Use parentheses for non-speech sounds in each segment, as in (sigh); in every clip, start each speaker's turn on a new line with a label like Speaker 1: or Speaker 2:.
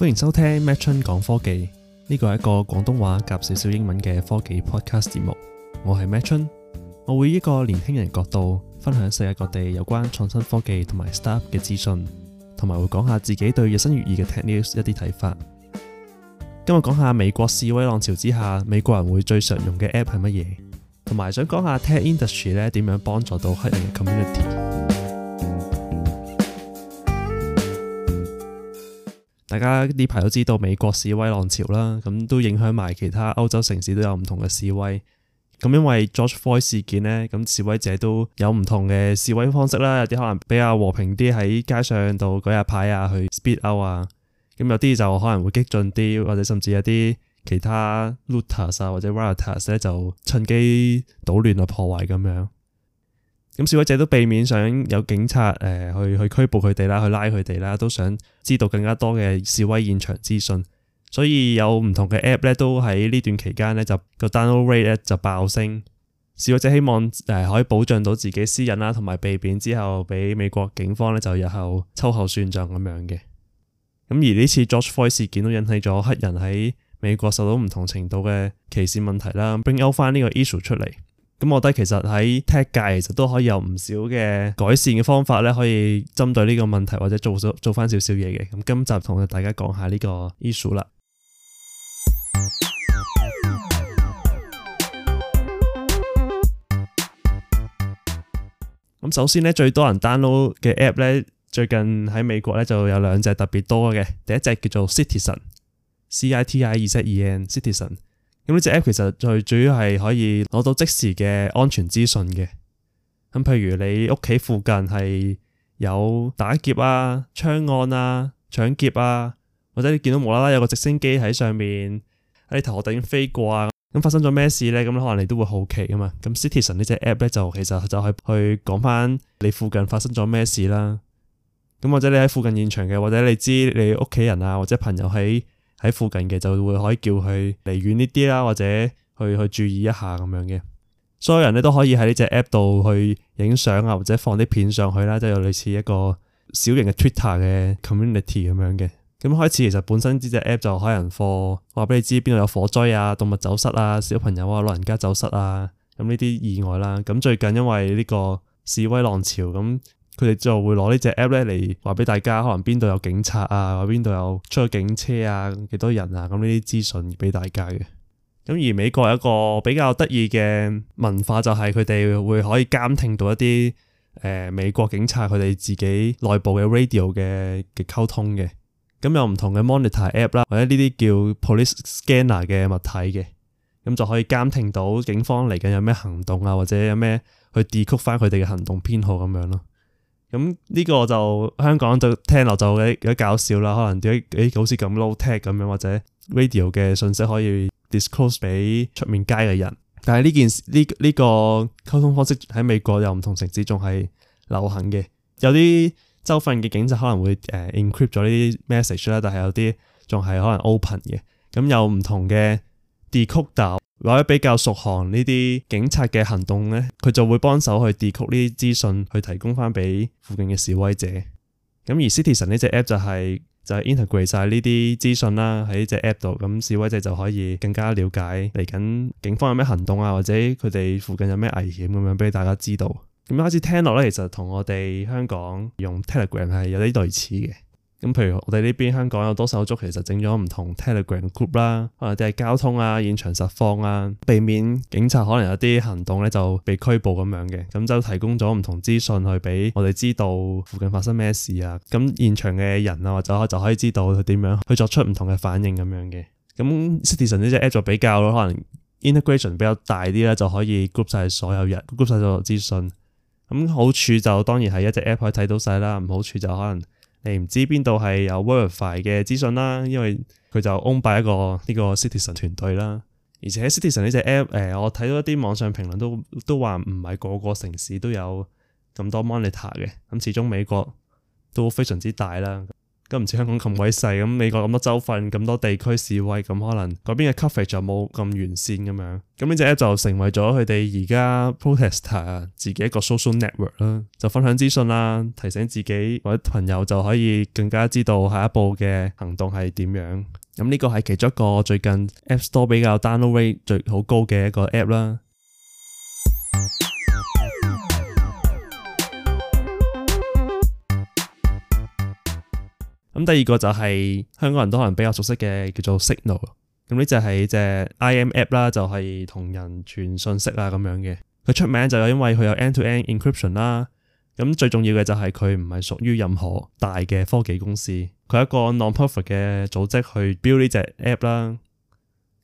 Speaker 1: 歡迎收聽麥春講科技，呢個係一個廣東話夾少少英文嘅科技 podcast 節目。我係麥春我會以一個年輕人角度分享世界各地有關創新科技同埋 startup 嘅資訊，同埋會講下自己對日新月異嘅 tech news 一啲睇法。今日講下美國示威浪潮之下，美國人會最常用嘅 app 係乜嘢？同埋想講下 tech industry 咧點樣幫助到黑人嘅 community。大家呢排都知道美國示威浪潮啦，咁都影響埋其他歐洲城市都有唔同嘅示威。咁因為 George Floyd 事件咧，咁示威者都有唔同嘅示威方式啦。有啲可能比較和平啲，喺街上度舉下牌啊，去 speed out 啊。咁有啲就可能會激進啲，或者甚至有啲其他 looters 啊或者 vandals 咧，就趁機搗亂啊破壞咁樣。咁示威者都避免想有警察誒、呃、去去拘捕佢哋啦，去拉佢哋啦，都想知道更加多嘅示威現場資訊，所以有唔同嘅 app 咧，都喺呢段期間咧就個 download rate 咧就爆升。示威者希望誒、呃、可以保障到自己私隱啦，同埋避免之後俾美國警方咧就日後秋後算賬咁樣嘅。咁而呢次 George Floyd 事件都引起咗黑人喺美國受到唔同程度嘅歧視問題啦，bring out 翻呢個 issue 出嚟。咁我覺得其實喺 tech 界其實都可以有唔少嘅改善嘅方法咧，可以針對呢個問題或者做少翻少少嘢嘅。咁今集同大家講下呢個 issue (music) 啦。咁首先咧，最多人 download 嘅 app 咧，最近喺美國咧就有兩隻特別多嘅，第一隻叫做 Citizen, C-I-T-I-Z-E-N, Citizen。咁呢隻 app 其實最主要係可以攞到即時嘅安全資訊嘅。咁譬如你屋企附近係有打劫啊、槍案啊、搶劫啊，或者你見到無啦啦有個直升機喺上面喺你頭頂飛過啊，咁發生咗咩事咧？咁可能你都會好奇噶嘛。咁 Citizen 呢隻 app 咧就其實就係去講翻你附近發生咗咩事啦。咁或者你喺附近現場嘅，或者你知你屋企人啊或者朋友喺。喺附近嘅就會可以叫佢離遠呢啲啦，或者去去注意一下咁樣嘅。所有人咧都可以喺呢隻 app 度去影相啊，或者放啲片上去啦，即係類似一個小型嘅 Twitter 嘅 community 咁樣嘅。咁開始其實本身呢隻 app 就開人貨，我話俾你知邊度有火災啊、動物走失啊、小朋友啊、老人家走失啊，咁呢啲意外啦。咁最近因為呢個示威浪潮咁。佢哋就會攞呢隻 app 咧嚟話俾大家，可能邊度有警察啊，或邊度有出咗警車啊，幾多人啊？咁呢啲資訊俾大家嘅。咁而美國有一個比較得意嘅文化，就係佢哋會可以監聽到一啲誒、呃、美國警察佢哋自己內部嘅 radio 嘅嘅溝通嘅。咁有唔同嘅 monitor app 啦，或者呢啲叫 police scanner 嘅物體嘅，咁就可以監聽到警方嚟緊有咩行動啊，或者有咩去 decode 翻佢哋嘅行動編號咁樣咯。咁呢、嗯這個就香港聽就聽落就有啲搞笑啦，可能啲啲、欸、好似咁 low tech 咁樣，或者 radio 嘅信息可以 disclose 俾出面街嘅人。但係呢件事呢呢、這個這個溝通方式喺美國有唔同城市仲係流行嘅，有啲州份嘅警察可能會誒 encrypt 咗呢啲 message 啦，但係有啲仲係可能 open 嘅。咁、嗯、有唔同嘅 decoder。或者比較熟行呢啲警察嘅行動呢，佢就會幫手去 decode 呢啲資訊，去提供翻俾附近嘅示威者。咁而 Citizen 呢隻 app 就係、是、就係、是、integrate 晒呢啲資訊啦喺呢隻 app 度，咁示威者就可以更加了解嚟緊警方有咩行動啊，或者佢哋附近有咩危險咁樣俾大家知道。咁開始聽落呢，其實同我哋香港用 Telegram 係有啲類似嘅。咁譬如我哋呢邊香港有多手足，其實整咗唔同 Telegram group 啦，可能即係交通啊、現場實況啊，避免警察可能有啲行動咧就被拘捕咁樣嘅，咁就提供咗唔同資訊去俾我哋知道附近發生咩事啊，咁現場嘅人啊，或者就可以知道佢點樣去作出唔同嘅反應咁樣嘅。咁 Citizen 呢隻 app 就比較咯，可能 integration 比較大啲啦，就可以 group 晒所有人，group 晒所有資訊。咁好處就當然係一隻 app 可以睇到晒啦，唔好處就可能。你唔知邊度係有 verify 嘅資訊啦，因為佢就 own by 一個呢個 citizen 團隊啦，而且 citizen 呢隻 app 誒、呃，我睇到一啲網上評論都都話唔係個個城市都有咁多 monitor 嘅，咁、嗯、始終美國都非常之大啦。咁唔似香港咁鬼細，咁美國咁多州份、咁多地區示威，咁可能嗰邊嘅 coverage 就冇咁完善咁樣。咁呢隻 app 就成為咗佢哋而家 protester 自己一個 social network 啦，就分享資訊啦，提醒自己或者朋友就可以更加知道下一步嘅行動係點樣。咁呢個係其中一個最近 App Store 比較 download rate 最好高嘅一個 app 啦。咁第二個就係香港人都可能比較熟悉嘅叫做 Signal，咁呢隻係隻 IM app 啦，就係同人傳信息啊咁樣嘅。佢出名就係因為佢有 end-to-end encryption 啦，咁最重要嘅就係佢唔係屬於任何大嘅科技公司，佢係一個 non-profit 嘅組織去 build 呢隻 app 啦。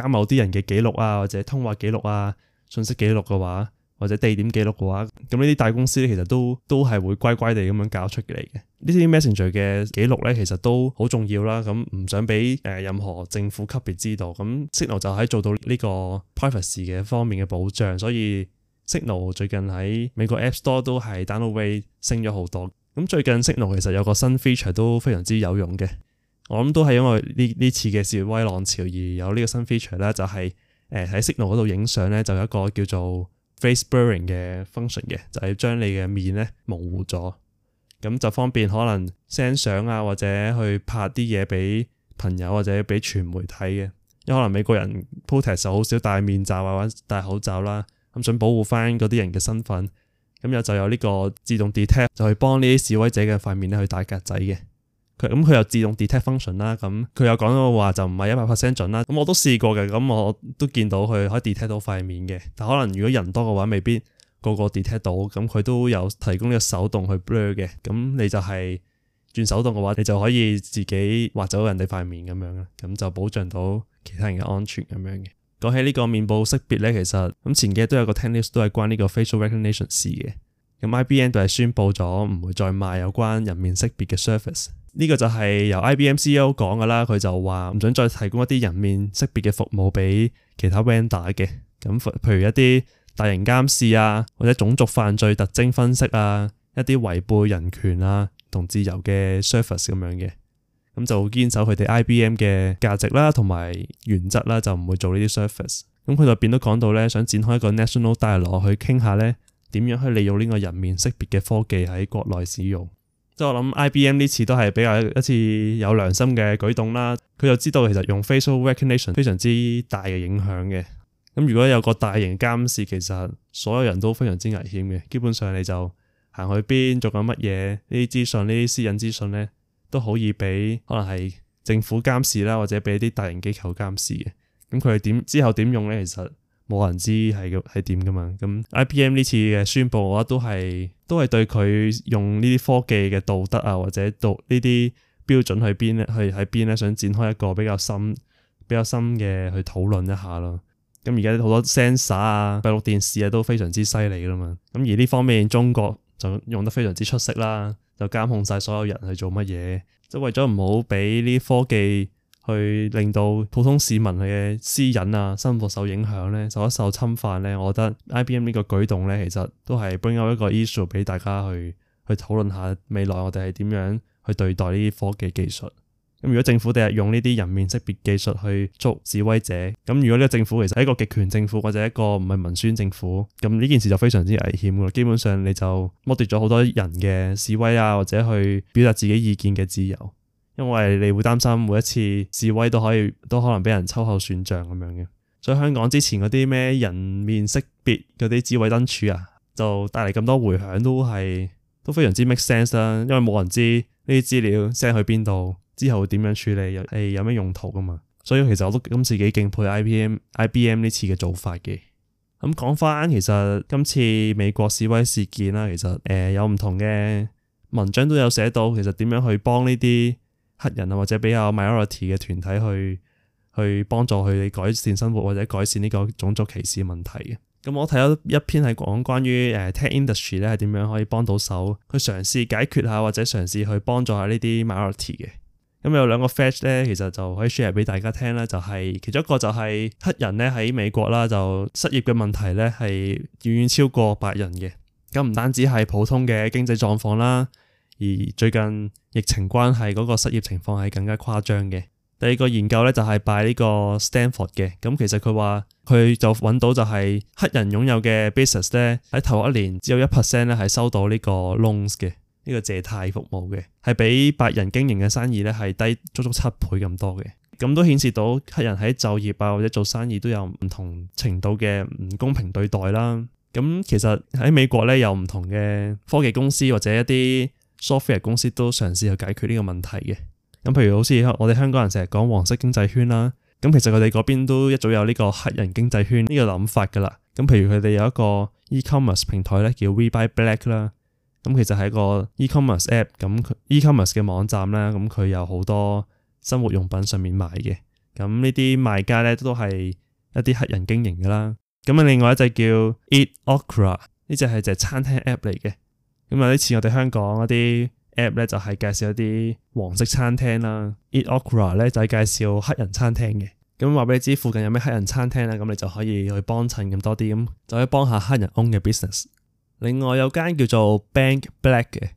Speaker 1: 加某啲人嘅記錄啊，或者通話記錄啊、信息記錄嘅話，或者地點記錄嘅話，咁呢啲大公司咧，其實都都係會乖乖地咁樣搞出嚟嘅。呢啲 Messenger 嘅記錄咧，其實都好重要啦。咁唔想俾誒任何政府級別知道。咁 Signal 就喺做到呢個 privacy 嘅方面嘅保障，所以 Signal 最近喺美國 App Store 都係 download rate 升咗好多。咁最近 Signal 其實有個新 feature 都非常之有用嘅。我諗都係因為呢呢次嘅示威浪潮而有呢個新 feature 咧，就係誒喺 Signal 嗰度影相咧，就有一個叫做 face blurring 嘅 function 嘅，就係將你嘅面咧模糊咗，咁就方便可能 send 相啊或者去拍啲嘢俾朋友或者俾傳媒睇嘅，因可能美國人 protest 好少戴面罩啊或者戴口罩啦，咁想保護翻嗰啲人嘅身份，咁有就有呢個自動 detect 就去幫呢啲示威者嘅塊面咧去打格仔嘅。佢咁佢有自動 detect function 啦，咁佢有講到話就唔係一百 percent 準啦。咁我都試過嘅，咁我都見到佢可以 detect 到塊面嘅，但可能如果人多嘅話，未必個個 detect 到。咁佢都有提供呢個手動去 blur 嘅，咁你就係轉手動嘅話，你就可以自己畫走人哋塊面咁樣啦，咁就保障到其他人嘅安全咁樣嘅。講起呢個面部識別咧，其實咁前幾日都有個 news 都係關呢個 facial recognition 事嘅。咁 I B N 都係宣布咗唔會再賣有關人面識別嘅 service。呢個就係由 IBM CEO 講嘅啦，佢就話唔準再提供一啲人面識別嘅服務俾其他 vendor 嘅，咁譬如一啲大型監視啊，或者種族犯罪特徵分析啊，一啲違背人權啊同自由嘅 service 咁樣嘅，咁就堅守佢哋 IBM 嘅價值啦同埋原則啦，就唔會做呢啲 service。咁佢裏邊都講到咧，想展開一個 national dialogue 去傾下咧，點樣去利用呢個人面識別嘅科技喺國內使用。即係我諗，IBM 呢次都係比較一次有良心嘅舉動啦。佢就知道其實用 facial recognition 非常之大嘅影響嘅。咁如果有個大型監視，其實所有人都非常之危險嘅。基本上你就行去邊做緊乜嘢，呢啲資訊、呢啲私隱資訊咧，都好易俾可能係政府監視啦，或者俾啲大型機構監視嘅。咁佢係點之後點用咧？其實冇人知係係點噶嘛。咁 IBM 呢次嘅宣布我覺得，都係。都係對佢用呢啲科技嘅道德啊，或者度呢啲標準去邊咧，去喺邊咧，想展開一個比較深、比較深嘅去討論一下咯。咁而家好多 sensor 啊、閉路電視啊都非常之犀利㗎啦嘛。咁而呢方面中國就用得非常之出色啦，就監控晒所有人去做乜嘢，即係為咗唔好俾呢啲科技，去令到普通市民佢嘅私隱啊、生活受影響咧、受一受侵犯咧，我覺得 IBM 呢個舉動咧，其實都係 bring out 一個 issue 俾大家去去討論下未來我哋係點樣去對待呢啲科技技術，咁如果政府第日用呢啲人面識別技術去捉示威者，咁如果呢個政府其實係一個極權政府或者一個唔係民選政府，咁呢件事就非常之危險㗎。基本上你就剝奪咗好多人嘅示威啊或者去表達自己意見嘅自由。因為你會擔心每一次示威都可以都可能俾人秋後算賬，咁樣嘅，所以香港之前嗰啲咩人面識別嗰啲智慧燈柱啊，就帶嚟咁多迴響，都係都非常之 make sense 啦。因為冇人知呢啲資料 send 去邊度，之後會點樣處理，又係有咩用途㗎嘛。所以其實我都今次幾敬佩 IBM IBM 呢次嘅做法嘅。咁講翻其實今次美國示威事件啦，其實誒、呃、有唔同嘅文章都有寫到，其實點樣去幫呢啲。黑人啊，或者比較 minority 嘅團體去去幫助佢哋改善生活，或者改善呢個種族歧視問題嘅。咁我睇咗一篇係講關於誒 tech industry 咧係點樣可以幫到手，去嘗試解決下，或者嘗試去幫助下呢啲 minority 嘅。咁有兩個 fact 咧，其實就可以 share 俾大家聽啦，就係其中一個就係黑人咧喺美國啦，就失業嘅問題咧係遠遠超過白人嘅。咁唔單止係普通嘅經濟狀況啦。而最近疫情關係，嗰個失業情況係更加誇張嘅。第二個研究咧就係拜呢個 Stanford 嘅，咁，其實佢話佢就揾到就係黑人擁有嘅 business 咧喺頭一年只有一 percent 咧係收到呢個 loans 嘅呢個借貸服務嘅，係比白人經營嘅生意咧係低足足七倍咁多嘅。咁都顯示到黑人喺就業啊或者做生意都有唔同程度嘅唔公平對待啦。咁其實喺美國咧有唔同嘅科技公司或者一啲。Sofia 公司都嘗試去解決呢個問題嘅，咁譬如好似我哋香港人成日講黃色經濟圈啦，咁其實佢哋嗰邊都一早有呢個黑人經濟圈呢個諗法噶啦，咁譬如佢哋有一個 e-commerce 平台咧叫 We Buy Black 啦，咁其實係一個 e-commerce app，咁佢 e-commerce 嘅網站啦，咁佢有好多生活用品上面買嘅，咁呢啲賣家咧都係一啲黑人經營噶啦，咁啊另外一隻叫 Eat Okra 呢只係隻餐廳 app 嚟嘅。咁有啲似我哋香港嗰啲 app 咧，就係介紹一啲黃色餐廳啦。Eat Okra 咧就係介紹黑人餐廳嘅。咁話俾你知附近有咩黑人餐廳啦，咁你就可以去幫襯咁多啲，咁就可以幫下黑人 own 嘅 business。另外有間叫做 Bank Black 嘅，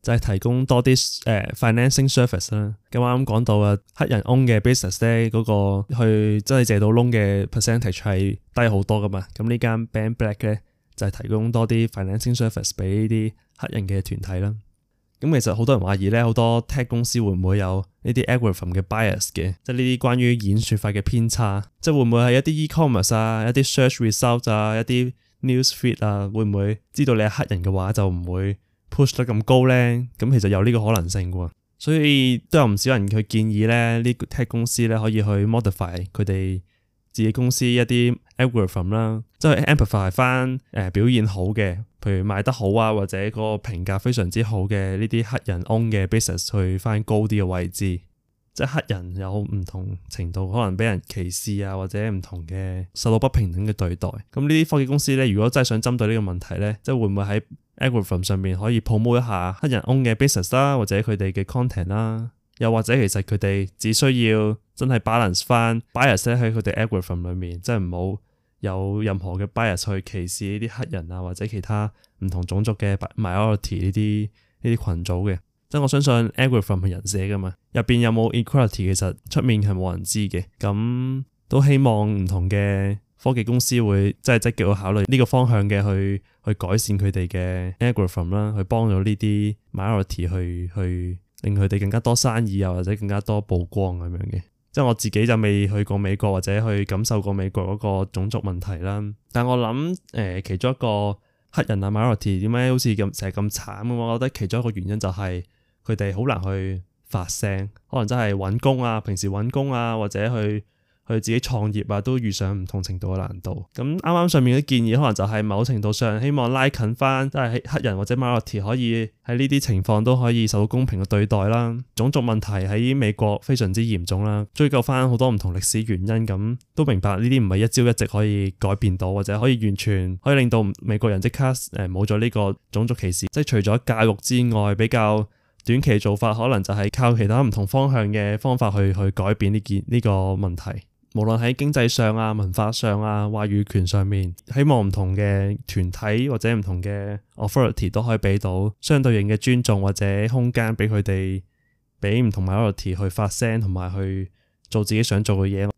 Speaker 1: 就係提供多啲誒、呃、financing service 啦。咁啱啱講到啊，黑人 own 嘅 business 咧嗰個去真係借到窿嘅 percentage 係低好多噶嘛。咁呢間 Bank Black 咧就係、是、提供多啲 financing service 俾呢啲。黑人嘅團體啦，咁其實好多人懷疑咧，好多 Tech 公司會唔會有呢啲 algorithm 嘅 bias 嘅，即係呢啲關於演說法嘅偏差，即係會唔會係一啲 e-commerce 啊、一啲 search result 啊、一啲 news feed 啊，會唔會知道你係黑人嘅話就唔會 push 得咁高咧？咁其實有呢個可能性喎，所以都有唔少人去建議咧，啲 Tech 公司咧可以去 modify 佢哋自己公司一啲。algorithm 啦，alg m, 即係 amplify 翻誒表現好嘅，譬如賣得好啊，或者個評價非常之好嘅呢啲黑人 own 嘅 business 去翻高啲嘅位置。即係黑人有唔同程度可能俾人歧視啊，或者唔同嘅受到不平等嘅對待。咁呢啲科技公司咧，如果真係想針對呢個問題咧，即係會唔會喺 algorithm 上面可以 promote 一下黑人 own 嘅 business 啦，或者佢哋嘅 content 啦，又或者其實佢哋只需要真係 balance 翻 bias 喺佢哋 algorithm 裡面，即係唔好，有任何嘅 bias 去歧視呢啲黑人啊，或者其他唔同種族嘅 minority 呢啲呢啲羣組嘅，即係我相信 algorithm 係人寫嘅嘛，入邊有冇 equality 其實出面係冇人知嘅，咁都希望唔同嘅科技公司會即係積極去考慮呢個方向嘅去去改善佢哋嘅 algorithm 啦，去幫到呢啲 minority 去去令佢哋更加多生意又、啊、或者更加多曝光咁、啊、樣嘅。即係我自己就未去過美國或者去感受過美國嗰個種族問題啦。但我諗誒、呃、其中一個黑人啊 minority 點解好似咁成日咁慘嘅，我覺得其中一個原因就係佢哋好難去發聲，可能真係揾工啊，平時揾工啊或者去。佢自己創業啊，都遇上唔同程度嘅難度。咁啱啱上面嘅建議，可能就係某程度上希望拉近翻，即係黑人或者馬來提可以喺呢啲情況都可以受到公平嘅對待啦。種族問題喺美國非常之嚴重啦，追究翻好多唔同歷史原因，咁都明白呢啲唔係一朝一夕可以改變到，或者可以完全可以令到美國人即刻誒冇咗呢個種族歧視。即係除咗教育之外，比較短期做法可能就係靠其他唔同方向嘅方法去去改變呢件呢、這個問題。無論喺經濟上啊、文化上啊、話語權上面，希望唔同嘅團體或者唔同嘅 authority 都可以俾到相對應嘅尊重或者空間俾佢哋，俾唔同 minority 去發聲同埋去做自己想做嘅嘢。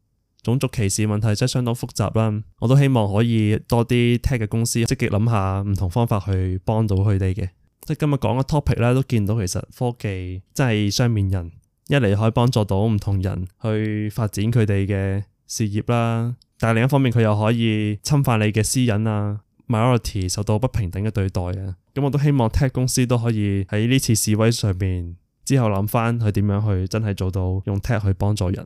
Speaker 1: 種族歧視問題真係相當複雜啦，我都希望可以多啲 tech 嘅公司積極諗下唔同方法去幫到佢哋嘅。即係今日講嘅 topic 咧，都見到其實科技真係雙面人。一嚟可以幫助到唔同人去發展佢哋嘅事業啦，但係另一方面佢又可以侵犯你嘅私隱啊，minority 受到不平等嘅對待啊，咁我都希望 Tech 公司都可以喺呢次示威上面之後諗翻佢點樣去真係做到用 Tech 去幫助人，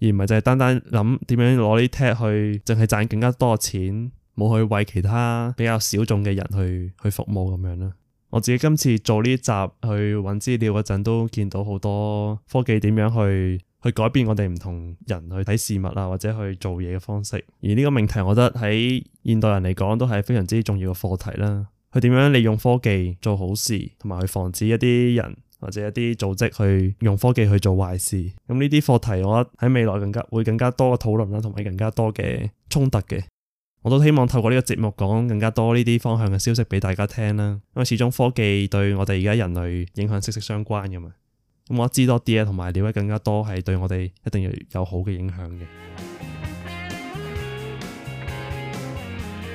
Speaker 1: 而唔係就係單單諗點樣攞啲 Tech 去淨係賺更加多錢，冇去為其他比較小眾嘅人去去服務咁樣咯。我自己今次做呢集去揾資料嗰陣，都見到好多科技點樣去去改變我哋唔同人去睇事物啊，或者去做嘢嘅方式。而呢個命題，我覺得喺現代人嚟講，都係非常之重要嘅課題啦。佢點樣利用科技做好事，同埋去防止一啲人或者一啲組織去用科技去做壞事。咁呢啲課題，我覺得喺未來更加會更加多嘅討論啦，同埋更加多嘅衝突嘅。我都希望透過呢個節目講更加多呢啲方向嘅消息俾大家聽啦，因為始終科技對我哋而家人類影響息息相關嘅嘛。咁我知多啲啊，同埋了解更加多係對我哋一定要有好嘅影響嘅。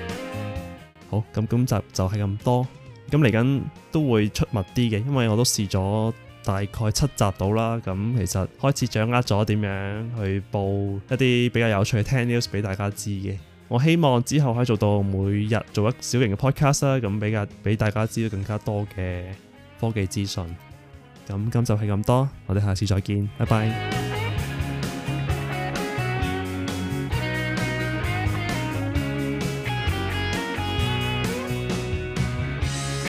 Speaker 1: 嗯、好，咁今集就係咁多。咁嚟緊都會出密啲嘅，因為我都試咗大概七集到啦。咁其實開始掌握咗點樣去報一啲比較有趣嘅聽 news 俾大家知嘅。我希望之後可以做到每日做一個小型嘅 podcast 啦，咁比較俾大家知道更加多嘅科技資訊。咁今集就係咁多，我哋下次再見，拜拜。